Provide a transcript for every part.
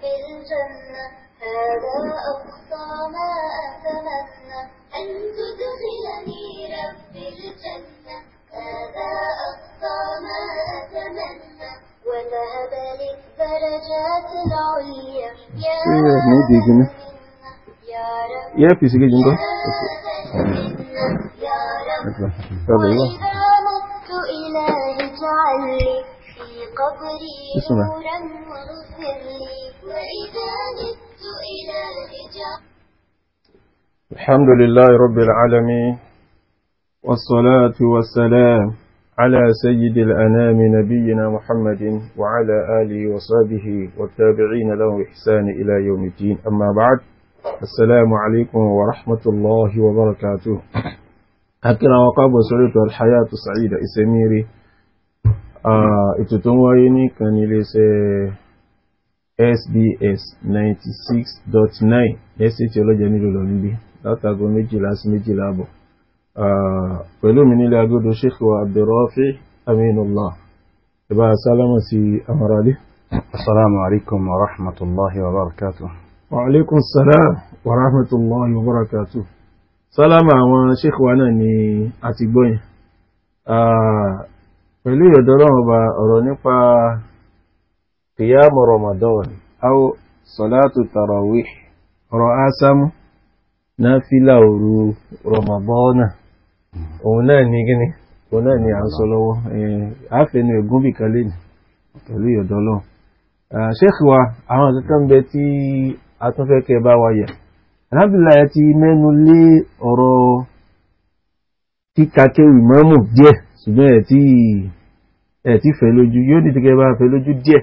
في الجنة هذا أقصى ما أتمنى أن تدخلني ربي الجنة هذا أقصى ما أتمنى وذهب للدرجات العليا يا إيه، إيه، إيه، رب يا في سجل جنبه يا رب أيوة. وإذا مت إلهي اجعل لي في قبري نورا واغفر لي الحمد لله رب العالمين والصلاة والسلام على سيد الأنام نبينا محمد وعلى آله وصحبه والتابعين له إحسان إلى يوم الدين أما بعد السلام عليكم ورحمة الله وبركاته أكرا وقاب وسعيد الحياة سعيدة إسميري آه كان ليس sbs ninety six dot nine lẹ́sẹ̀tì ọlọ́jẹ́ nílùú lọ níbí látago méjìlá sí méjìlá àbọ̀ pẹ̀lú mi nílé agodo sheikh wa abdulrafi aminullah ìbá sálámà sí amaralé. asalaamu alaykum wa rahmatulahi wa barakatu. wa aleykum salaam wa rahmatulahi wa barakatu. sálámà àwọn sheikh wa náà ni àtìgbọ́yìn pẹ̀lú ìyọ̀dọ́rọ̀ ọba ọ̀rọ̀ nípa. قيام رمضان أو صلاة التراويح رأسم نافلة رمضان هنا نيجي هنا ني أصلوا عفني يقوم بكلين pẹ̀lú ìyọ̀dọ̀ lọ. ṣéèkì wa àwọn kankan bẹ tí a tún fẹ́ kẹ́ bá wa yẹ̀. alhamdulilayi ti mẹ́nu lé ọ̀rọ̀ kíka kéwì mọ́mù díẹ̀ ṣùgbọ́n ẹ̀ tí fẹ́ lójú yóò ní ti kẹ́ bá fẹ́ lójú díẹ̀.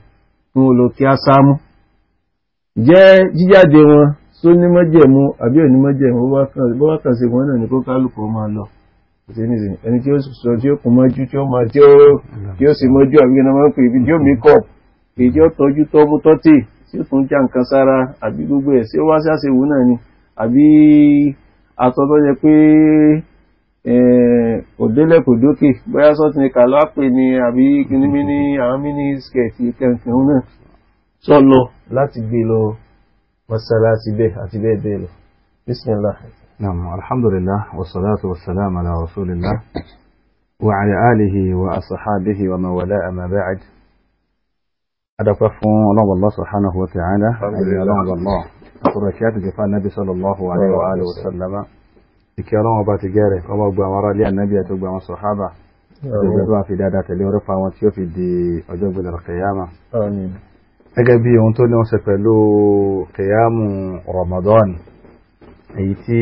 fún olókè ásámú jẹ́ jíjáde wọn tó nímọ́jẹ̀mú àbí onímọ́jẹ̀mú bó bá kàn sí wọn náà ní kó kálukú máa lọ ẹni tí ó sọ tí ó kún mọ́jú tí ó máa tí ó sì mọ́jú àbí ẹni máa ń pè tí ó mí kọ̀ èyí tí ó tọ́tì tí ó tún já nǹkan sára àbí gbogbo ẹ̀ sí ó wá sí àṣewò náà ni àbí atọ́tọ́ yẹ pé òdélẹ̀ kò dókè bóyá sọ́tún ẹ̀ka ló pè ní àbí kìnnìmí ní àwọn mini skẹ̀tì kẹ̀kẹ́ òun náà tó lọ láti gbé lọ mọ́sálásí bẹ́ẹ̀ àti bẹ́ẹ̀ bẹ́ẹ̀ lọ bismillah. naam alhamdulillah wasalaatu wasalaam ala rasulillah wa ala alihi wa asahabihi wa mawala ama ba'd. adapa fún ọlọ́run allah subhanahu wa ta'ala àti ọlọ́run allah àti rẹ̀ kí sallallahu alayhi wa alihi wa sallama ìkẹ́ ọlọ́wọ́n bá ti gẹ́rẹ̀ ọmọ gbogbo àwọn aráàlú ànábì àti gbogbo àwọn sọ̀hábà ìjọba tó wà fi dáadáa tẹ̀lé orí fa wọn tí ó fi di ọjọ́ gbẹ̀dẹ̀ kẹyàmà. gẹ́gẹ́ bí ohun tó ní wọ́n ṣe pẹ̀lú kẹyàmù Ramadan èyí tí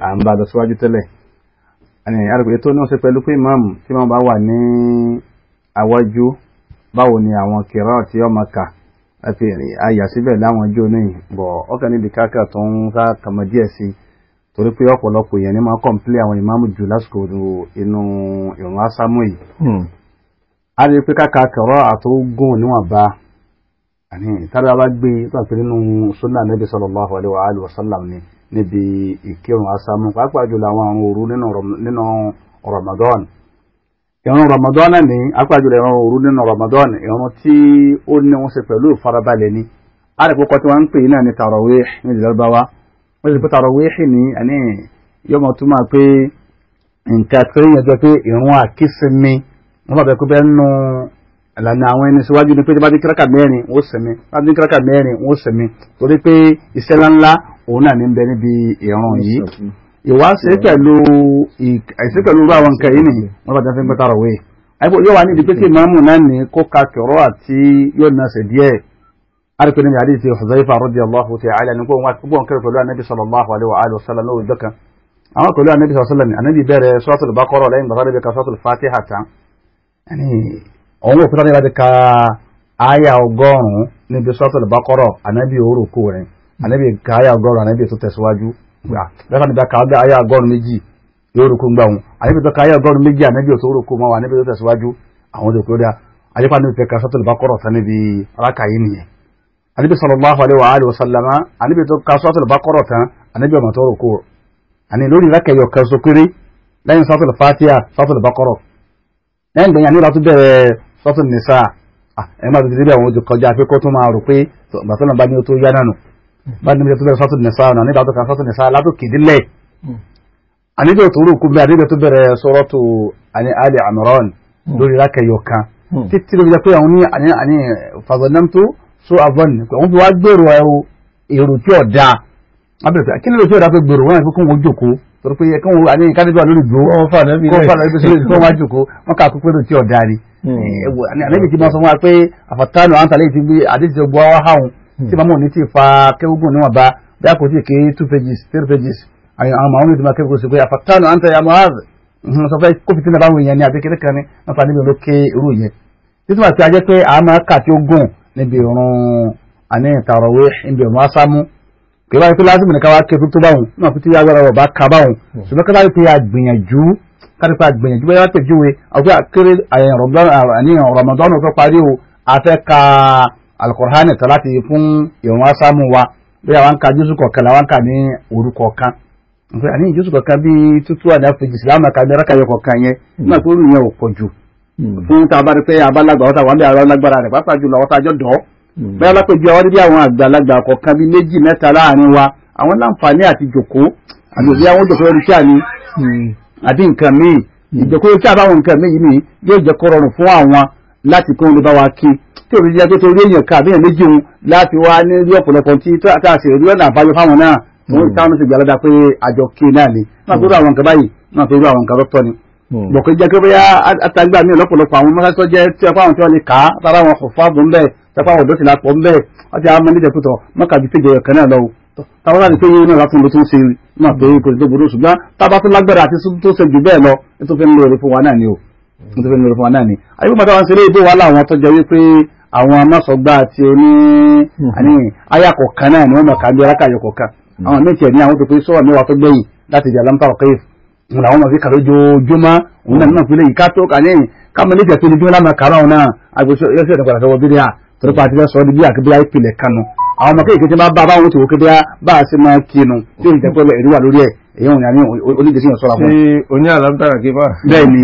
à ń bá lọ síwájú tẹ́lẹ̀ àrùkòyè tó ní wọ́n ṣe pẹ̀lú pé imam tí wọ́n bá wà ní àwájú báwo ni àwọn kẹrọ tí ọmọ kà àyà síbẹ̀ láwọn jó ní bọ̀ ọkàn níbi káàkà tó ń ká kàmọ́ díẹ̀ sí torí pé ọ̀pọ̀lọpọ̀ èèyàn ni máa kọ̀m̀plé àwọn ìmáàmù jù lásìkò inú ìrun ásámù yìí. Hmm. a lè pé káka kẹ̀rọ àtúgùn níwọ̀nba tábà bá gbé nípa nínú sunnah nabi sallallahu alayhi wa alihi wa ni níbi ìkírun ásámù pàápàá jùlọ àwọn àrùn òru nínú ramadan. ìrun ramadan ni pàápàá jùlọ ìrun òru nínú ramadan ìrun tí ó ní wọn ṣe pẹ̀lú ìfarabalẹ̀ ni. a lè pé kọ́tí wọn ń pè wọ́n ti pé tàràwíhì ní àní yọmọ tó máa pé nǹkan tó yẹn jọ pé ìrún àkísìmí wọ́n bàbá pé bẹ́ẹ̀ nù ìlànà àwọn ẹni síwájú ni pé tí bá dín kíráka mẹ́rin wọ́n sẹ̀mí bá dín kíráka mẹ́rin wọ́n sẹ̀mí torí pé iṣẹ́ ńláńlá òun náà ní bẹ níbi ìrún yìí ìwà ṣe pẹ̀lú àwọn nǹkan yìí nìyí wọ́n bá dáfẹ́ ń pẹ́ tàràwíhì àyíkó yóò wá ní ìdí pé kí arikun ni hadisi Huzaifa radiyallahu ta'ala ni gbogbo wọn kẹrẹ pẹ̀lú anabi sallallahu alaihi wa sallam lórí dọkan àwọn pẹ̀lú anabi sallallahu alaihi wa sallam anabi bẹ̀rẹ̀ suratul Baqara lẹ́yìn bàtà níbi ka suratul Fatiha tán ẹni òun òkúta níbi láti ka aya ọgọ́rùn níbi suratul Baqara anabi òru kú rẹ anabi ka aya ọgọ́rùn anabi tó tẹ̀síwájú gbà lẹ́fà níbi ka aya ọgọ́rùn méjì yóò rúkú gbà wọn anabi tó ka aya ọgọ́rùn méjì anabi tó rúkú mọ́ anabi tó tẹ̀síwájú àwọn òdòkú rẹ ayípa níbi fẹ́ ka suratul Baqara tán níbi rákà yìí nìyẹn anabi sallallahu alayhi wa alihi wa sallama anabi tó ka suratul baqara tán anabi ọmọ tó rúkú àní lórí rákẹyọ kan sókèrè lẹ́yìn suratul fatiha suratul baqara lẹ́yìn gbẹ̀yìn àníwá tó bẹ̀rẹ̀ suratul nisa ẹ̀yìn máa tètè bí àwọn ojú kọjá pé kó tó máa rò pé bàtọ́nà bá ní ó tó yá nánu bá níbi tó bẹ̀rẹ̀ suratul nisa ọ̀nà nígbà tó ka suratul nisa látòkè délẹ̀ hmm. àníjọ́ tó rúkú bí àníjọ́ tó bẹ̀rẹ̀ suratu ali imran hmm. lórí rákẹyọ kan hmm. títí lóbi jẹ́ pé àwọn ní fàzọ̀nàmtó so avon ni pé wọ́n fi wá gbèrò èrò tí ò dáa wọ́n bẹ̀rẹ̀ pé kí ló tí ò dáa pé gbèrò wọ́n náà fi kún wọn jókòó torí pé kí wọ́n àní kánẹ́bí wà lórí ìgbó wọ́n fà náà bí lórí ìgbó wọn jókòó wọ́n kà pé èrò tí ò dáa ni àlejò hmm. ti máa sọ fún wa pé àfàtánù àwọn àtàlẹ́yìn ti gbé àdéjì tó gbọ́ háhùn hmm. tí màmú òní ti fa kéwúgùn níwọ̀n bá bí a kò tí ké two pages three pages àwọn màmú mi ti máa kéwúgùn sí pé àfàtánù àwọn àtàlẹ́yìn àmọ́ sọ ni àbí kékeré kan ní wọn fa níbi olókè irú ti máa kà níbi ìrún àní ìtàrọ̀wé níbi ìrún ásámú kìí báyìí pé lásìkò nìkan wá ké tó báwọn náà fi tí agbára ọba ká báwọn ṣùgbọ́n ká báyìí pé àgbìyànjú kárí pé àgbìyànjú báyìí wá tẹ̀júwe àwọn akéré àyẹ̀yàn Ramadan fẹ́ parí o afẹ́ ka alukur'ani tán láti fún ìrún ásámú wa bí àwọn ka jésù kọ̀ọ̀kan làwọn kà ní òru kọ̀ọ̀kan nǹkan àní jésù kọ̀ọ̀kan bíi tútù àdáfẹ́jì sílámù àkàmẹ́rẹ́kà yẹ kọ̀ọ̀kan yẹn hmm. nígbà tó rù yẹn ò pọ̀ jù fún tá a bá rí pé abálagbà ọ̀tá wà ń bẹ ara lágbára rẹ̀ pàápàá jùlọ ọ̀tá àjọ dọ̀ hmm. bẹ́ẹ̀ lápẹjù àwọn níbi àwọn àgbàlagbà kọ̀ọ̀kan bíi méjì mẹ́ta láàrin wa àwọn láǹfààní àti jòkó àgbègbè àwọn jòkó lórí iṣẹ́ àní hmm. àbí nǹkan míì hmm. ìjòkó lórí iṣẹ́ àbáwọn nǹkan míì ni yóò jẹ́ kó rọrùn fún àwọn láti kó lè bá wa kí tí òbí jẹ́ pé torí èèyàn ká èèyàn méjì òun láti wá ní rí ọ̀pọ̀lọpọ̀ tí a sì rí ọ̀nà àbáyọ fáwọn náà fún ìtàn sì gbàlódà pé àjọ kí náà ni náà tó rú àwọn nǹkan báyìí náà tó rú àwọn nǹkan lọ́tọ̀ ni bọ̀kọ́ hmm. jẹ́ pé bóyá àtàgbà mi ọ̀lọ́pọ̀lọpọ̀ àwọn mọ́sásọ́ jẹ́ tí ọ̀pá àwọn tí wọ́n lè kà á tara àwọn ọ̀fọ̀ àbọ̀ ńbẹ̀ tẹ́pá àwọn ọ̀dọ́sìn lápọ̀ ńbẹ̀ àti àwọn ọmọdé jẹ́pútọ̀ mọ́kàjú péjọ ọ̀kan náà lọ́wọ́ táwọn láti pé yín náà látún ló tún ṣe náà pé kò tó burú ṣùgbọ́n tábà tún lágbára àti tó ṣe jù bẹ́ẹ̀ lọ tó fi ń lóore fún ni o hmm. tó fi ń lóore fún wa ni. àyùbọ̀ bàtà wọn ṣe ni wọ́n mọ̀ ká bí arákàyọ̀kọ̀kan hmm. àwọn òun làwọn máa fi kàró jojúmọ́ òun náà nínú ìpínlẹ̀ yìí ká tó kà ní kámọ́ ní ìtẹ̀tún ojoojúmọ́ láwọn kàró àwọn náà agbèsè ẹlẹ́sẹ̀ ìdàgbàdà sọ́wọ́ bíríà torí pa àti fẹ́ sọ ọ́ di bí àkébíyá ìpìlẹ̀ kanu àwọn ọmọ kéèkéé tí bá bá báwọn tòwó kéèkéé bá a ṣe máa kinu tí o lè jẹ́ pé ẹ̀rí wà lórí ẹ̀ èyí òun ni oníjẹsí yẹn sọ́ra fún. ṣé o ní alamtara kífà. bẹ́ẹ̀ni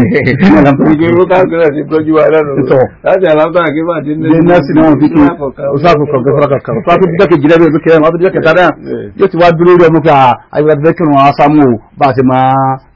ìgbé rúkà kíláà ti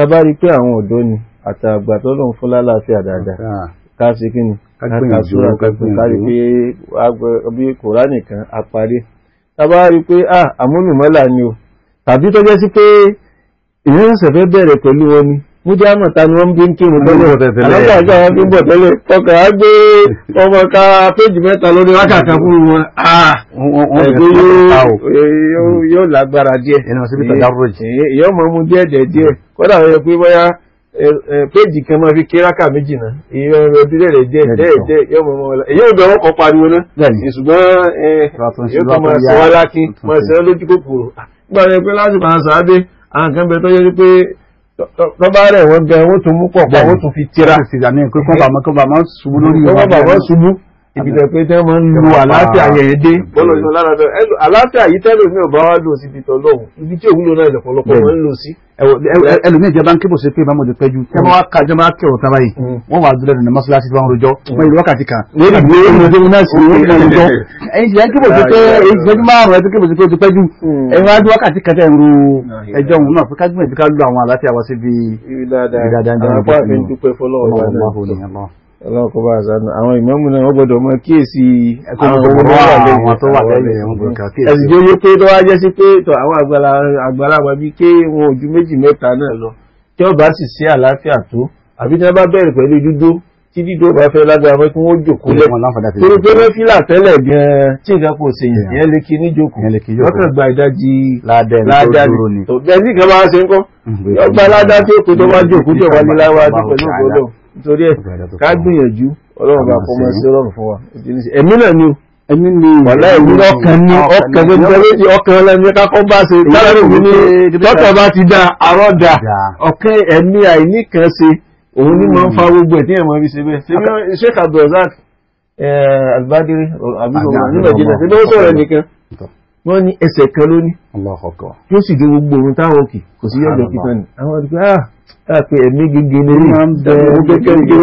tá a bá rí i pé àwọn ọ̀dọ́ ni àti àgbà tó lóun fún lálàáfíà dáadáa ah. ká ṣe kí ni ká súra kankan ká rí i pé bí kòránì kan a parí tá a bá rí i pé ah, àmúnùmọ́là ni o tàbí tó sí pé ìyẹn ń bẹ̀rẹ̀ pẹ̀lú wọn ni múdí àmọ̀ ta ni wọ́n bí ń kírun tẹ́lẹ̀ àlọ́gbà àjọ àwọn bí ń bọ̀ tẹ́lẹ̀ ọkọ̀ á gbé ọmọ ká péjì mẹ́ta lórí wákàtà fún wọn ah, ẹgbẹ́ yóò lágbára díẹ̀ yóò mọ̀ mú díẹ̀ díẹ̀ díẹ̀ kódà wọ́n yẹ pé bóyá péjì kan máa fi kí rákà méjì náà ìyẹn ọ̀rọ̀ díẹ̀ díẹ̀ díẹ̀ díẹ̀ yóò mọ̀ mọ́ èyí ò bẹ̀rẹ̀ ọkọ̀ pariwo náà ṣùgbọ́n yóò kọ́ máa sọ wá lákín máa sọ lójú kòkòrò gbọ́dọ̀ pé lásìkò àwọn sàábé tó bá rẹ̀ wọ́n gan wọ́n tún mú pọ̀ pọ̀ wọ́n tún fi tira. kó bàmọ́ ṣubú lórí wọn. kó bàmọ́ ṣubú ìbìtẹ̀ pé tẹ́ máa ń lu àlàáfíà yẹn dé. bọ́lọ̀ ìṣàn lára fẹ́ àlàáfíà yìí tẹ́lẹ̀ mi ò bá wá lò sí ibi tọ́lọ́hùn ibi tí òun lò náà lọ́pọ̀lọpọ̀ máa ń lò sí. ẹlòmíì ìjọba ń kébò sí pé bámu ti pẹ́ ju tẹ́ máa ká jọba kẹrọ tábà yìí wọ́n wà dúró nínú mọ́ṣáláṣí tí wọ́n rojọ́ wọ́n yìí wákàtí kan. lórí ìwé ìròyìn tó ń náà sí ìròyìn tó ń jọ ọlọ́kọ̀ bá àṣánà àwọn ìmáàmù náà wọ́n gbọ́dọ̀ mọ́ kíyèsí àwọn tó wà lẹ́yìn ẹ̀sìn tí ó yé pé tó wá jẹ́ sí pé tọ àwọn àgbàlagbà bíi pé wọn ò ju méjì mẹ́ta náà lọ tí ó bá sì sí àlàáfíà tó àbí tí wọ́n bá bẹ̀rẹ̀ pẹ̀lú dúdó tí dídó bá fẹ́ lágbára fẹ́ kí wọ́n jókòó lẹ̀ torí pé wọ́n fílà tẹ́lẹ̀ gan-an tí nǹkan kò ṣe yẹn lè kí ní wọ́n kàn gba ìdajì ládàá tó bẹ́ẹ̀ sì kan máa ṣe ń kọ́ yọ mm, gba ládàá tí ó kó tó wá jókòó tó wá dúpẹ́ ní ìgbọ́dọ̀ nítorí ẹ̀ ká gbìyànjú ọlọ́run bá kọ́ máa ọlọ́run fún wa ẹ̀mí náà ni o ẹ̀mí ni wàlá ẹ̀mí ọkàn ni ọkàn tó jẹ́ méjì ọkàn ẹlẹ́mí kákọ́ bá ṣe tálẹ́rù mi ní tọ́tọ̀ bá ti dá àrọ́ dà ọ̀kẹ́ ẹ̀mí àìníkan ṣe òun ní máa ń fa hmm. gbogbo ẹ̀ tí ẹ̀ máa fi ṣe bẹ́ẹ̀ ṣé Sheikh Abdulrazak Al-Badiri àbí ọmọ nígbà jẹ́ náà ṣe sọ̀rọ̀ nìkan wọ́n ní ẹsẹ̀ kan lónìí yóò sì dé gbogbo ohun táwọn òkè kò sí yọjọ kíkan ni àwọn ọdún pé ah ẹ pé ẹmí gègé ni rí ọmọ gègé gègé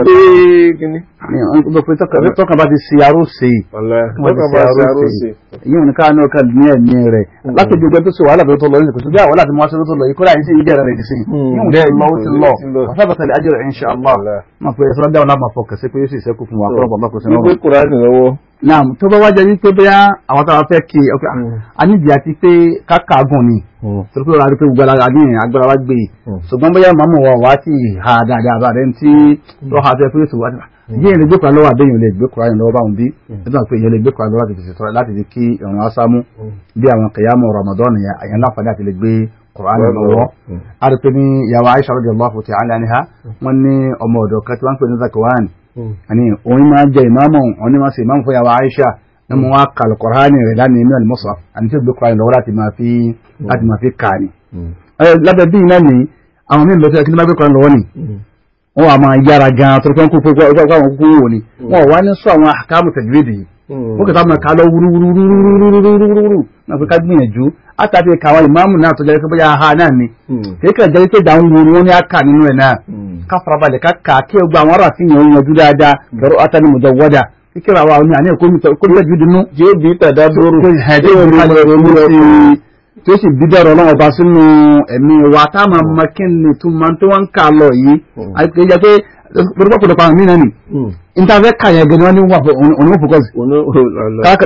kíni. tọ́ka bá ti ṣe aróṣe yìí òun ká ní ọkàn ní ẹ̀mí rẹ̀ mm. látọ̀jú ọgbẹ́ tó ṣe wàhálà tó tọ̀ lọ nílùú kò sí bí àwọn láti mú aṣọ tó lọ yìí kódà yìí sì ń jẹ́ rẹ̀ sí mm. yóò dé lọ ó ti lọ àfẹ́bàtà lè ajẹ́rẹ̀ inṣàlá máa pẹ́ ẹ̀sọ́ dáwọn náà máa fọkàn sí pé yóò sì kákàgùn ni mm. torí pé ọ̀rọ̀ àdúgbò gbogbo alága ní agbára wa gbé mm. ṣùgbọ́n bóyá màmú wa wá sí ìhà dáadáa bá rẹ̀ ń tí mm. lọ́ha tó yẹ pé sùn wá nípa yíyan lè gbé kura lọ́wọ́ àbẹ́yìn lè gbé kura yẹn lọ́wọ́ báwọn bí nígbà pé èèyàn lè gbé kura lọ́wọ́ láti fi ṣètọ́ láti fi kí ìrun asámú bí àwọn kẹyàmù Ramadan yẹn àyàn láǹfààní àti lè gbé kura yẹn lọ́wọ́. àdùpẹ́ ní yàrá Aisha radiyallahu ta'ala anha wọ́n ní ọmọ ọ̀dọ̀ kan tí wọ́n ń pè ní Zakwan. òun máa jẹ ìmáàmù òun ní máa ṣe ìmáàmù fún yàrá Aisha ní mo wá ka alukurani rẹ̀ lánàá inú ẹ̀lmọ́sọ̀ àti tí o gbé kurani lọ́wọ́ láti máa fi láti máa fi kà ní. lábẹ́ bí iná ni àwọn míì lọ́sẹ̀ kí ló máa gbé kurani lọ́wọ́ ni wọ́n á máa yára gan torí pé wọ́n kó wò ni wọ́n wá ní sọ àwọn àkàmù tajwidi yìí ó kẹta máa kà lọ wúrúwúrúwúrúwúrúwúrú náà fi ká gbìyànjú àtàtì kàwọn ìmáàmù náà tó jẹ́ pé aha náà ni kéèkà jẹ́ pé dáhùn wo ni wọ́n ní nínú ẹ̀ náà ká farabalẹ̀ ká kà á kí o gba àwọn ará fi yanjú dáadáa lọ́rọ̀ átánimọ̀jọ wọ́dà kíkẹ́rọ àwa ni àní ẹ̀kọ́ kóbíyà ju dunu. yóò bí tàdá dóró yóò bí mọ̀lẹ́mú lọ sí tí ó sì bí dọ̀rọ̀ ọlọ́run ọba sínú ẹ̀mí wa tá a máa mọ kí ni tó máa tó wọ́n ń kà lọ yìí àti hmm. ìyá pé orúkọ kò dọ̀pọ̀ àmì náà nì. ìtafẹ́ kàyà gẹ̀dẹ̀ wọn ni hmm. wà òun ò fòkọ́sì.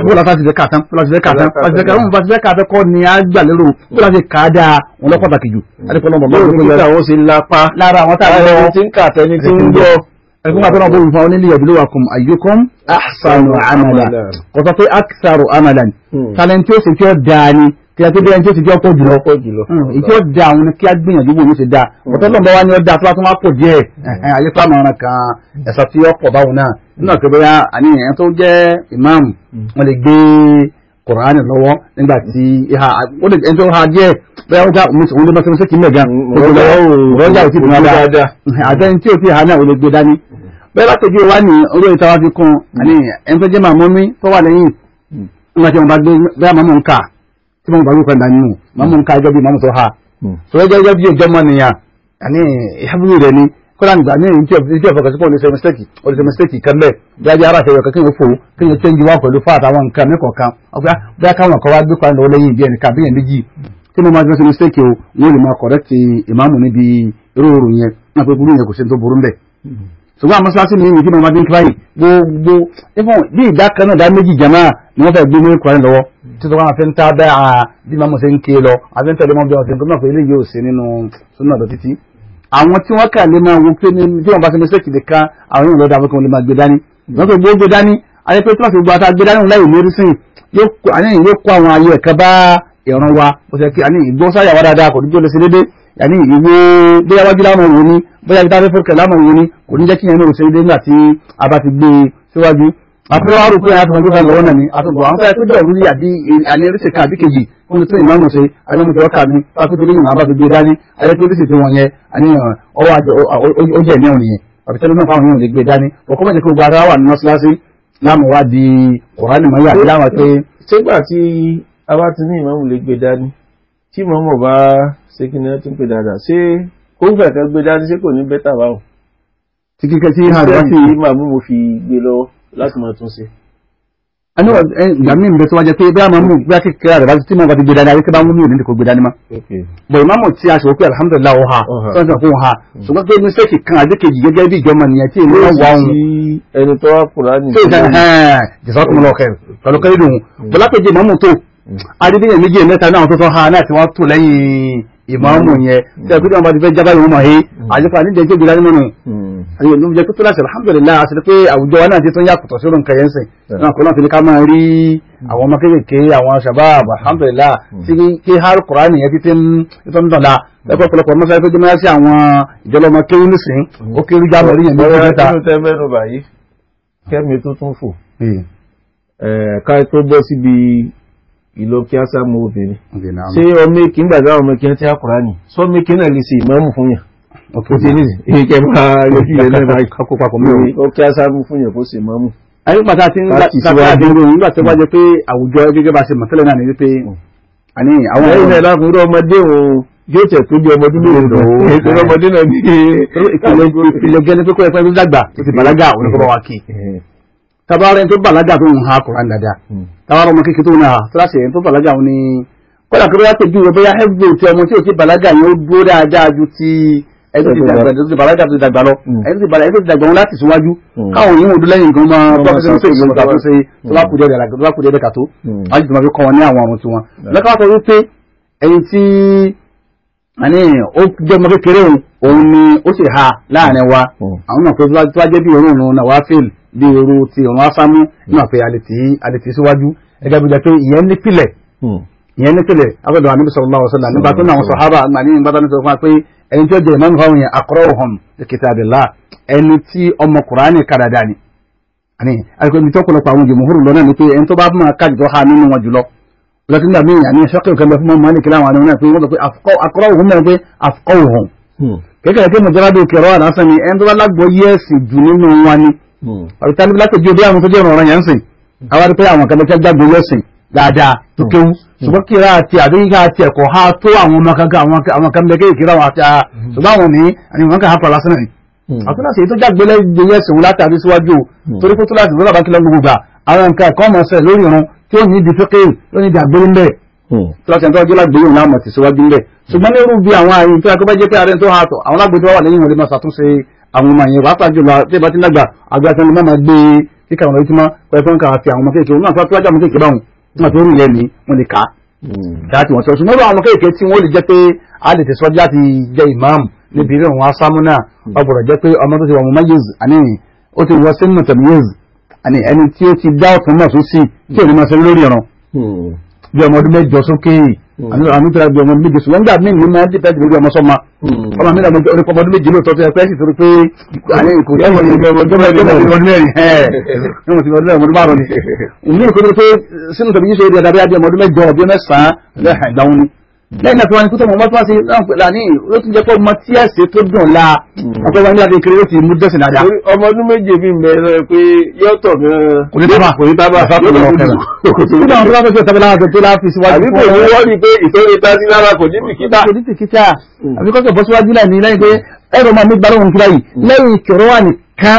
bó la ti fẹ́ kà tán bó la ti fẹ́ kà tán bó la ti fẹ́ kà tán bó la ti fẹ́ kà tán kọ́ ni a gbà lérò bó la ti kà á dáa òun lọ pàtàkì jù. àdìpọ̀ lọ́mọ bá wọn. lóòótọ́ àwọn sì lápá. lára àwọn tá a lọ. ẹni tí ń kà tẹ́ni tí ń gbọ́ ẹgbẹ́ àtọ́nà bó wùfà onílé yẹ̀bìlú wa kùn ayyukum ahsanu amala kọ̀tọ́ pé aksaru amalan hmm. talent tí ó sì kí ó dáa ni kí a tó bẹ́ẹ̀ tí ó sì kí ó pọ̀ jùlọ ìkí hmm. ó dáa òun kí a gbìyànjú bò ó ti dáa hmm. ọ̀tọ́ lọ́nà wa ni ó dáa tó bá tún wá pọ̀ díẹ̀ ayépa mọ̀ràn kan ẹ̀sà tí ó pọ̀ báwọn náà nínú àkẹ́bẹ́yà àníyàn tó jẹ́ imam wọn lè gbé Kùránì lọ́wọ́ nígbà tí ìhà ẹni tó ha díẹ̀ bẹ́ẹ̀ ọjà òun ló mọ́sánmọ́sán kì í mẹ̀gán òtí ìdùnnú dáadáa àtẹni tí ò ti hà náà ò gbé dání bẹ́ẹ̀ látọ̀jú wa ní orí ìta wa fi kún àní ẹni jẹ́ màá mi tó wà lẹ́yìn nígbà tí wọ́n bá gbé bẹ́ẹ̀ màmú nǹka tí wọ́n bá gbé dání nù màmú nǹka ẹjọ́ bí màmú tó ha sọ ẹjọ́ bí ẹjọ́ mọ́ nìyà àní ìhàbúrò rẹ̀ ni kódà nígbà ní èyí tí ẹ̀fọ́ kẹsí pọ̀ ní ṣe mistake ọdún ṣe mistake kan bẹ́ẹ̀ jáde ara ṣẹ̀yọ̀ kankan yóò fò kí ni change wá pẹ̀lú fáàtà àwọn nǹkan mẹ́kọ̀ọ́ kan ọgbà bí a káwọn kan wá gbé parí lọ́wọ́ lẹ́yìn ìdí ẹnìkan bí méjì kí ni wọ́n máa ṣe mistake o wọ́n lè máa correct ìmáàmù níbi rúurú yẹn náà pé burú yẹn kò ṣe tó burú bẹ́ẹ̀. ṣùgbọ́n àmọ́ ni wọ́n fẹ́ gbé mú ìkùrán lọ́wọ́ títí wọn fi ń ta bẹ́ẹ̀ bí màmú ṣe ń ké lọ àfi ń tẹ̀lé mọ́ bí wọ́n ṣe ń gbé náà pé eléyìí ò sí nínú àwọn tí wọ́n kà lè máa wo pé ní tí wọ́n bá ṣe mistake nìkan àwọn yóò lọ́dọ̀ àfọkàn lè máa gbé dání wọ́n tó gbé dání ayé pé tí wọ́n fi gba ta gbé dání láì lérí sìn yóò kó àwọn ayé ẹ̀ka bá ìran wa ó ṣe kí àní ìgbọ́n sáyà wá dáadáa kò ní jẹ́ lè dédé yàní ìwé bóyá wájú láwọn òun ni bóyá ibi tá a fẹ́ fọ́ọ̀kẹ́ láwọn òun ni kò ní jẹ́ kí yẹn ní òṣèré nígbà tí a bá ti gbé e síwájú àfihàn rò pé àtúntò gbọ́dọ̀ lọ́wọ́ náà ni àtúntò àwọn fẹ́ẹ́ tó bẹ̀rù rí àbí ànírísè kan àbí kejì fún tí ìmọ̀ ṣe àyọ̀mọ̀tò ọkà mi fásitì lẹ́yìn àbá fi gbé dání ayẹ́tẹ́rẹ́sì tí wọ́n yẹ àníyàn ọwọ́ ó jẹ́ ẹ̀mí ọ̀nìyàn àbítẹ́lẹ́ náà fáwọn yóò lè gbé dání ọkọ̀ mẹ́jẹ̀ kó gba ara wà ní mọ́ṣáláṣí láàmú wá di kùránì mọ́ yàrá láwọn pé. ṣégbà tí a bá ti ní ìmáàmù lè gbé dání tí mọ́mọ́ bá ṣe láti máa tún ṣe. a ní eh, ìgbà míì bẹ tó wájẹ pé bẹ́ẹ̀ máa mú bí a ti kẹ́ra rẹ̀ bá ti mọ̀ bá ti gbé dání àríkẹ́ bá ń mú ìrìn kò gbé dání ma. bọ̀ ìmáàmù tí a sọ pé alhamdulilah ọha sọ́nà fún ọha ṣùgbọ́n pé mísẹ́kì kan àdékejì gẹ́gẹ́ bí ìjọba nìyẹn tí èmi náà wà ń. ẹni tó wá kúrò ní. jẹ̀sán tó mọ̀ mm. lọ́kẹ́ ìmáàmù mm. yẹn tí ẹkùn tí wọn bá ti fẹ́ jábá ìwọ̀n màá yé mm. àyẹ̀fọ́ àníjẹ́ tí gbéra nínú àyẹ̀wò mm. ló ń jẹ́ pé láti alhamdulillah àti pé àwùjọ wa náà ti tún yàtọ̀ sí òrùn kẹyẹ ń sìn náà kó náà fi ní ká máa rí àwọn ọmọ kéékèèké àwọn shabab alhamdulillah tí kí har Qur'an yẹn ti ti ń tọ́ ń dọ̀la ẹ̀kọ́ ọ̀pọ̀lọpọ̀ mọ́sá ẹgbẹ́ jẹ́mọ́yá sí àwọn ìjọlọmọ kéwú nísìn ó kéwú já lọ ríyàn méjì mẹ́ta ìlò kí á sáàmù obìnrin ṣé ọmọ èkì ń gbàgbà ọmọ èkì tí a kùrá ní sọ ọmọ èkì náà lè ṣe ìmáàmù fún yàn ó ti ní èyí kẹ máa yọjú yẹn lẹ́nu àkókò papọ̀ mẹ́rin ó kí sáàmù fún yàn kó ṣe ìmáàmù. ayé pàtàkì àti nígbàdúró nígbà tó bá jẹ pé àwùjọ gẹ́gẹ́ bá ṣe mọ̀tẹ́lẹ̀ náà ni pé àní mm. àwọn ẹ̀yìn náà lákùnrin ọmọdé òun yóò tẹ̀ tó jẹ́ ọmọdé lóore lọ́wọ́ ìpínlẹ̀ ọmọdé náà ní ìpínlẹ̀ gẹ́ni tó kọ́ ẹ̀kọ́ ẹ̀kọ́ dàgbà tó ti bàlágà òun kọ́ bá wa tabaarẹ tó bàlágà tó ń ha kuran dada hmm. tabaarẹ ọmọ kékeré tó ń ha tọ́láṣẹ tó bàlágà wọn ni kọ́dà kí bóyá tẹ̀jú rẹ̀ bóyá ẹ̀fọ́ ti ọmọ tí ò ti bàlágà yẹn ó dúró dáadáa ju ti ẹ̀sìn ti dàgbà tó ti bàlágà tó ti dàgbà lọ hmm. ẹ̀sìn ti bàlágà ti dàgbà wọn láti síwájú hmm. káwọn yìí wọn dún lẹ́yìn nǹkan máa bá fẹsẹ̀ ṣe ìgbìmọ̀ tàbí ṣe tọ́lákùdé ẹ̀dẹ̀ka tó wájú tó máa fi kọ́ wọn ní àwọn ọ̀run tiwọn. lọ́kàwá sọ wípé ni wa àwọn náà pé tó wá jẹ́ bí òórùn náà bí oru ti ọ̀run ásámú náà pé alètì síwájú ẹgbẹ́ bí jẹ́ pé ìyẹn nípìlẹ̀ hmm. ìyẹn nípìlẹ̀ agbẹ́dọ̀ àníbi sọ̀rọ̀ láwọ̀ sọ̀lá nígbà tó náà sọ̀hábà àmàní ìgbàdá ní sọ̀rọ̀ pé ẹni tí ó jẹ́ ìmọ̀mù fáwọn yẹn aqra'uhum li kitabillah ẹni tí ọmọ kùránì kàdàdà ni àní àti ibi tó kọlọpọ̀ àwọn jùmùhúrù lọ náà ni pé ẹni tó bá máa kájì tó ha nínú wọn jùlọ lọ́tí nígbà míì àní ṣọ́kì òkè lọ fún mọ́ mọ́lì kíláwọn àwọn náà pé wọ́n sọ hmm. kẹrọ àdásán ni ẹni tó bá lágbọ́ yẹ́ẹ̀sì jù nínú wọn ni ọ̀rọ̀ tánibí lápèjú ọdún àwọn tó jẹ́ ọ̀ràn yẹn ń sìn àwọn hmm. arí pé àwọn kan lọ́kẹ́ gbàgbé lẹ́sìn dáadáa tó hmm. kéwú hmm. ṣùgbọ́n kíra àti àdéhíká àti ẹ̀kọ́ ha tó àwọn ọmọ kankan àwọn kan lẹ́kẹ́ ìkíra àwọn àti ara ṣùgbọ́n àwọn ní àwọn kan hapọ̀ lásán ni àtúnṣe àṣeyí tó jágbe lẹ́gbẹ̀ẹ́ yẹn sòun látàrí síwájú torí kó tó láti lọ́la bákí lọ́gbọ̀n gbà àwọn nǹkan ẹ̀kọ́ ọmọ ṣẹ lórí irun tí ó ní ibi fẹ́ kéwù ló ní ibi àgbélé ń bẹ̀ tó láti ẹ̀ńtọ́ ọjọ́ lágbèé òun láàmọ̀ tẹ̀síwájú ń bẹ̀ ṣùgbọ́n ní irú bí àwọn àyè tó yà kó bá jẹ́ pé ààrẹ tó hà tọ̀ àwọn ọmọ yẹn wàá pàjọ lọ tí ẹ bá ti lágbà agbáṣẹ́ ni wọ́n máa gbé kíkà wọn létí mọ́ pẹ́ẹ́fọ́n ká fi àwọn ọmọ kéèké wọn náà fẹ́ tíwájú àwọn kéèké báwọn wọn tó rìn lẹ́ni wọn lè kà á. Hmm. dáàtì wọn sọ ṣùgbọ́n bá àwọn kéèké tí wọ́n lè jẹ́ pé a lè ti sọ́jà ti jẹ́ ìmáàmù níbi irú àwọn asámúnà ọgbọ̀rọ̀ jẹ́ pé ọmọ tó ti wà mumayyiz àní bí ọmọ ọdún mẹ́jọ sókè hmm. àmútara bí ọmọ méje sùgbọ́n nígbà míì ní máa ń dìtẹ́jì lórí ọmọ sọ́ma hmm. ọmọ mi làwọn ọdún pọmọdún méje lóòótọ́ tó yẹ pé sì torí pé àlẹ́ ìkò yẹ wọ́n yẹ ọdún mẹ́rin ọdún mẹ́rin ọdún márùn-ún ni ìlú ìkó tó pé sínú tòbí yìí ṣe eré adábẹ́ adé ọmọ ọdún mẹ́jọ ọdún mẹ́sàn-án lẹ́hàn hmm. ìdáwọn ni lẹ́yìn náà tí wọ́n ní kútó mọ̀mọ́ tí wọ́n ṣe náà pẹ̀lá ní ó tún jẹ́ pé ọmọ tí ẹ̀sẹ̀ tó dùn la hmm. ọjọ́ wọn ní láti kiri ó ti mú dẹ́sẹ̀ dáadáa. ọmọ ọdún méje bíi mẹ́rin pé yọ́tọ̀ gan-an kò ní tábà kò ní tábà kò ní tábà kò ní tábà kò ní tábà kò ní tábà kò ní tábà kò ní tábà kò ní tábà kò ní tábà àbíkọ́sọ̀ bọ́ síwájú láì ní lẹ́yìn pé ẹ̀rọ máa mú gbàrọ̀ òun kíra yìí lẹ́yìn ìṣòro wà nìkan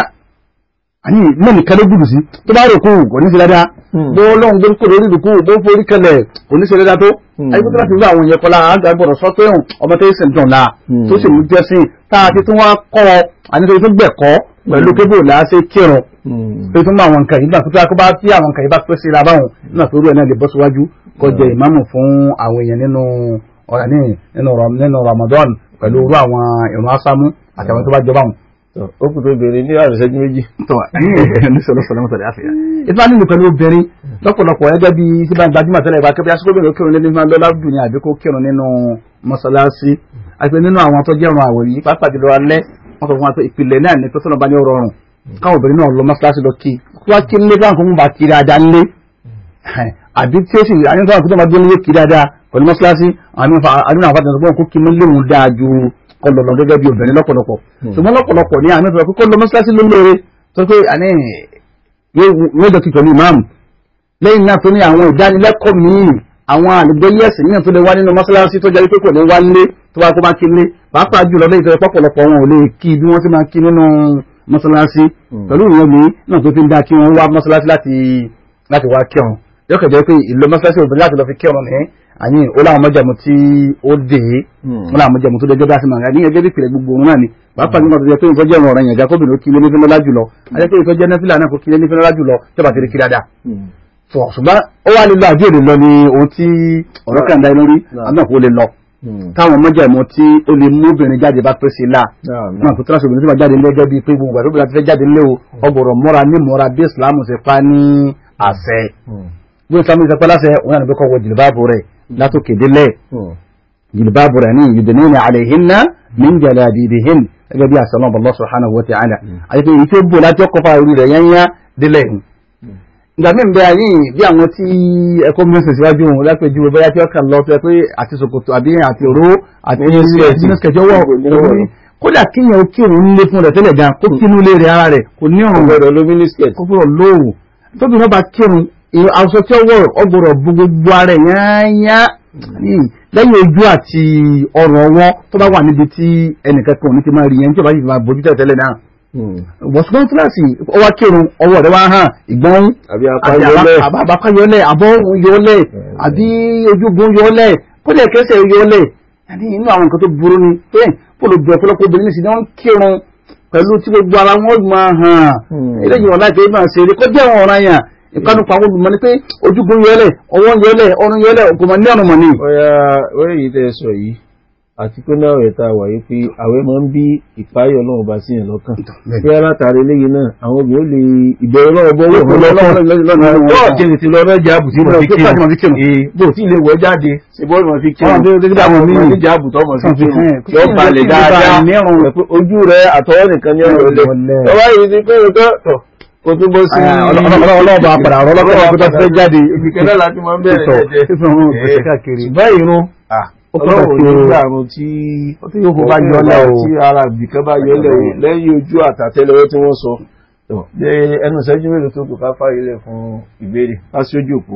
àní mẹ́nìkan ló gbùdù sí tó bá rò kó ògùn ní fi dáadáa Hmm. bó lóun tó ń kó lórí ìdùkú bó forí kẹlẹ̀ oníṣẹ́lẹ̀ dá tó hmm. ayíkú tó láti gbé àwọn èèyàn kọlá àgbà gbọ́dọ̀ sọ pé ọmọ tó ṣe dùn náà hmm. tó sì mú jẹ́ sí tá a ti tún wá kọ́ ọ àníṣe tó gbẹ̀kọ́ pẹ̀lú kébò láṣẹ kírun pé tún bá àwọn nǹkan yìí nígbà tó tó bá tí àwọn nǹkan yìí bá pẹ́ sí ra báwọn nígbà tó rú ẹ̀ náà lè bọ́ síwájú kọjá ìmáàmù fún àwọn èèyàn nínú ọ̀rẹ́ nínú Ramadan pẹ̀lú orú àwọn ìrún asámú àtàwọn tó bá jọba wọn ó kù tó obìnrin ní àrùn ìṣẹ́jú méjì. tọ́ ẹni sọ̀rọ̀ sọ̀rọ̀ mọ́tò rẹ̀ àfẹ́yà ìfá nínú pẹ̀lú obìnrin lọ́pọ̀lọpọ̀ ẹgbẹ́ bí tí bá ń gbajúmọ̀ tẹ́lẹ̀ ìbá kẹ́bí aṣọ obìnrin kírun nínú máa ń lọ ládùn ní àbí kó kírun nínú mọ́sálásí àti nínú àwọn tó jẹ́ ọ̀run àwòrán yìí pàápàá jùlọ alẹ́ wọ́n sọ fún wa pé ìpìlẹ̀ náà ni pẹ́sọ́nà bá ní ọ̀rọ̀ ọ̀run káwọn obìnrin náà lọ mọ́sálásí lọ kí wá kí àbí tí ó sì àyẹ̀wò tó bá dé nílé kiri ada pẹ̀lú mọ́sálásí àwọn àmì àwọn àfàdé tó kó kí nílé òun dáa ju kọ lọ lọ gẹ́gẹ́ bí obìnrin lọ́pọ̀lọpọ̀ hmm. ṣùgbọ́n lọ́pọ̀lọpọ̀ ní àmì ìfọwọ́ kó lọ mọ́ṣáláṣí ló lóore tó pé àní yóò jọ kíkọ ní ìmáàmù lẹ́yìn náà tó ní àwọn ìdánilẹ́kọ̀ọ́ míì àwọn àlùgbẹ́yẹ ẹ̀sìn náà tó lè wá nínú mọ́ṣáláṣí tó jáde pé kò ní wá nílé tó wá kó máa kí nílé pàápàá jùlọ lẹ́yìn tó yẹ pọ̀pọ̀lọpọ̀ wọn ò lè kí bí wọ́n ti máa kí nínú mọ́ṣáláṣí hmm. pẹ̀lú ìwọ̀n mi náà tó fi ń dá kí wọ́n wá mọ́ṣáláṣí láti wá kí ọ̀hún yóò kẹjọ pé ìlú mọ́sáṣí òbí láti lọ fi kí ọmọ mi àyìn ó láwọn mọ́jàmú tí ó dè é hmm. ó láwọn mọ́jàmú tó dẹjọ́ bá sí màgá ní ẹjọ́ bí ìpìlẹ̀ gbogbo òun náà ni pàápàá nígbà tó jẹ́ pé ìtọ́jẹ́ ìrìn ọ̀ràn yẹn ga kóbìnrin ó kí ilé ní fúnlọ́lá jùlọ ajẹ́ pé ìtọ́jẹ́ nẹ́fìlà náà kò kí ilé ní fúnlọ́lá jùlọ tọ́ba ti rí kí dáadáa hmm. ṣùgbọ́n ó wà lílọ àbí òde lọ ni ohun tí ọ̀rọ̀ kàn dá lórí àmọ́ kò lè lọ hmm. táwọn mọ́jàmọ́ tí ó lè mú obìnrin jáde bá pé sí láà náà kò tó bí o sàmì ìsapẹ́ lásẹ̀ wọn àná bí kò wọ jìlìbáàbù rẹ̀ látòkè délẹ̀ jìlìbáàbù rẹ̀ ní yudnina alayhinna min jalabibihin gẹ́gẹ́ bí àṣà ọlọ́mọ Allah subhanahu wa ta'ala hmm. àti èyí tó bò láti ọkọ̀ fáwọn orí rẹ̀ yányá délẹ̀ hmm. ìgbà mí bẹ ayé bí àwọn tí ẹ̀kọ́ mẹsàn síwájú òun lápẹjú bẹyà tí ọkàn lọ fẹ pé àti ṣòkòtò àbí àti òró àti mínísítẹjọ wọ òní kódà kíyàn ó kírun nílé fún rẹ tẹ́lẹ̀ gan kó hmm. kínú lé rẹ ara rẹ kò ní ọrùn kó tóbi náà bá kírun aṣọ tí ó wọ̀rọ̀ ọgbọ̀rọ̀ gbogbo ara yányá lẹ́yìn ojú àti ọ̀rọ̀ wọn tó bá wà níbi tí ẹnìkẹ́kọ̀ọ́ ní ti máa rí yẹn tí ó bá yìí máa bójú tẹ̀tẹ̀lẹ̀ náà hmm. wọ̀sùgbọ́n kíláàsì ọwá kírun ọwọ́ rẹ̀ wá hàn ìgbọ́n àbí yọlẹ̀ àbọ̀ yọlẹ̀ hmm. àbí ojúgun yọlẹ̀ kódẹ̀ kẹsẹ̀ yọlẹ̀ inú àwọn nǹkan tó burú ni pé pòlòbí ọ̀pọ̀lọpọ̀ obìnrin nìsí ni wọ́n kírun pẹ̀lú tí gbogbo ara wọn máa hàn hmm. eléyìí wọn láti máa ṣe eré kọjá àwọn ọ̀ràn yàn ìkanu pa àwọn olùmọ̀ ni pé ojúgun yẹlẹ̀ ọwọ́ yẹlẹ̀ ọrùn yẹlẹ̀ ògùnmọ̀ ní ọ̀nà mọ̀ni. ọ̀yà orí yìí tẹ́ sọ yìí àti pé náà rẹ̀ ta wà yìí pé àwẹ̀ máa ń bí ìpáyọ̀ ọlọ́run bá sí yẹn lọ́kàn bí alátàrí eléyìí náà àwọn obìnrin ó lè ìbẹ̀rù ọlọ́run bọ́ wọ́pọ̀ lọ́kàn tó ọ̀jẹ̀lẹ̀ ti lọ rẹ́ jáàbù tí wọ́n fi kírun bó tí ilé wọ́ jáde ṣe bọ́ọ̀lù wọn fi kírun táwọn ọmọ ní jáàbù tó ọmọ sí kírun tí ó balẹ̀ dáadáa ojú rẹ̀ àtọwọ́ nìkan ní ọ̀rọ̀ kò tún bó sí ọlọ́ọ̀bà àpàdà ọlọ́pàá tó fẹ́ jáde ìpìkẹ́lẹ́ láti máa ń bẹ̀rẹ̀ ẹ̀jẹ̀ sísun ọ̀run ìpèsè káàkiri ṣùgbọ́n ìrún ah, ọlọ́run yóò gbà àrùn tí yóò bá yọ lẹ́ o tí ara bìkan bá yọ lẹ́ o lẹ́yìn ojú àtàtẹ́lẹwọ́ tí wọ́n sọ ẹnu ìṣẹ́jú mélòó tó kù ká fàyè lẹ̀ fún ìbéèrè láti ojú òpó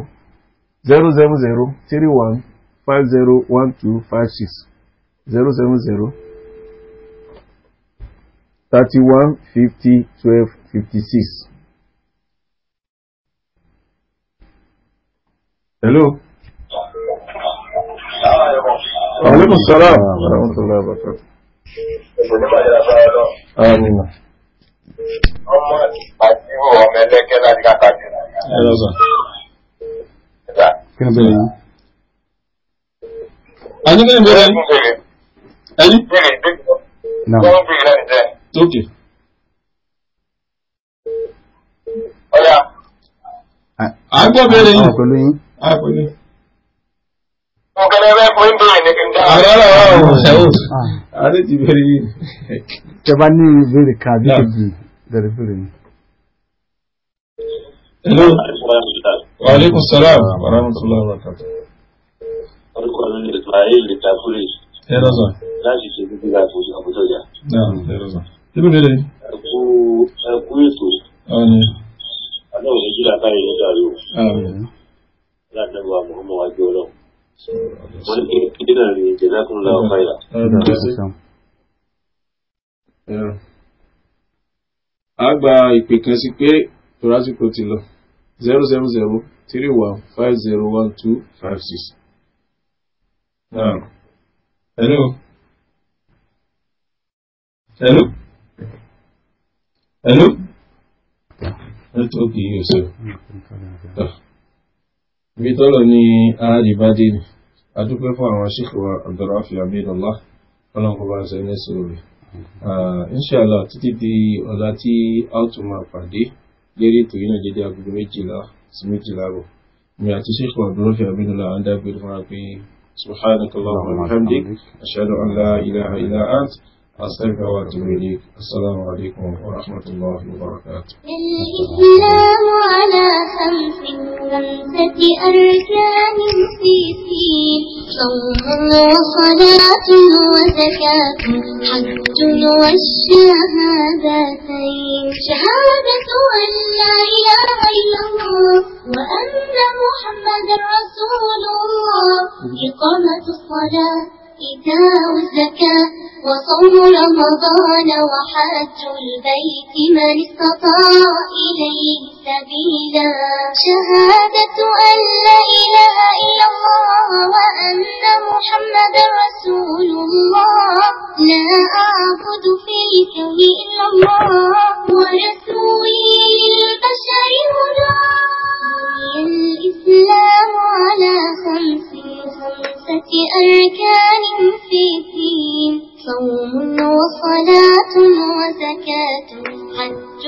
zero seven zero three one five zero one two five six zero seven zero thirty one fifty twelve fifty six. Hello. Aleykum salaam. Alhamdulilayi bàtà. Amina. Ọmọ àti ọmọ ẹlẹ́kẹ́ láti kàkàjì. Ẹ lọ sọ. Kí ni bẹ́ẹ̀ yìí? Àní kí ni bẹ́ẹ̀ yìí? Ẹyí? Náà. Wọ́n ń bèrè lẹ́nu jẹ́. Tókè. Ọ̀yà. À ń gbọ́ bẹ́ẹ̀ yìí. Àpò ní. Nǹkan ẹgbẹ́ fún ìbéèrè ní kí n dá. Àrọ́ àrọ́ àrọ́ Ṣẹ́wọ̀n. Àrẹ ti bẹ̀rẹ̀ yìí. Ìjọba ní ìbéèrè kan àbí kejì bẹ̀rẹ̀ bẹ̀rẹ̀ ni. Hello. Wa alaikum salam wa rahmatullahi wa barakatuh. Orúkọ mi ni Ismail Tafuri. Ẹ̀rọ sọ. Láti ṣe gbígbé láti Abuja. Ẹ̀rọ sọ. Ibi rere. Ẹ̀kú ẹ̀kú ètò. Ọ̀nà. Àná òní jíra báyìí ní ìdàrú. Àmín lánàá wa mọ̀ọ́mọ́ wa jọ lọ. wọ́n ní kíndé náà ní ìjẹ́lá kún lọ́wọ́ fáyà. a gba ìpè kan sí pé torásìkò ti lọ zero seven zero three one five zero one two five six. hello. hello. hello. That's okay, yes, sir ibi tọ́lọ̀ ní àádìbádé ni a dúpẹ́ fún àwọn ṣíkọwà àbdọ̀ráfì àmìdọ̀lá ọlọ́nkọba ṣe ní sọ̀rọ̀ inṣàlá títí di ọ̀la tí a tún máa pàdé lérí ètò yìí náà dédé agogo méjìlá sí méjìlá rọ̀ mi àti ṣíkọwà àbdọ̀ráfì àmìdọ̀lá à ń dágbére fún wa pé subhanakallah wa bihamdik ashhadu an la ilaha illa ant أستغفرك وأتوب إليك السلام عليكم ورحمة الله وبركاته الإسلام على خمس خمسة أركان في سين صوم وصلاة وزكاة حج والشهادتين شهادة أن لا إله إلا الله وأن محمدا رسول الله إقامة الصلاة إيتاء الزكاة وصوم رمضان وحج البيت من استطاع إليه سبيلا شهادة أن لا إله إلا الله وأن محمد رسول الله لا أعبد في الكون إلا الله ورسولي للبشر هدى الإسلام على خمس خمسة أركان ممسكين صوم وصلاة وزكاة حج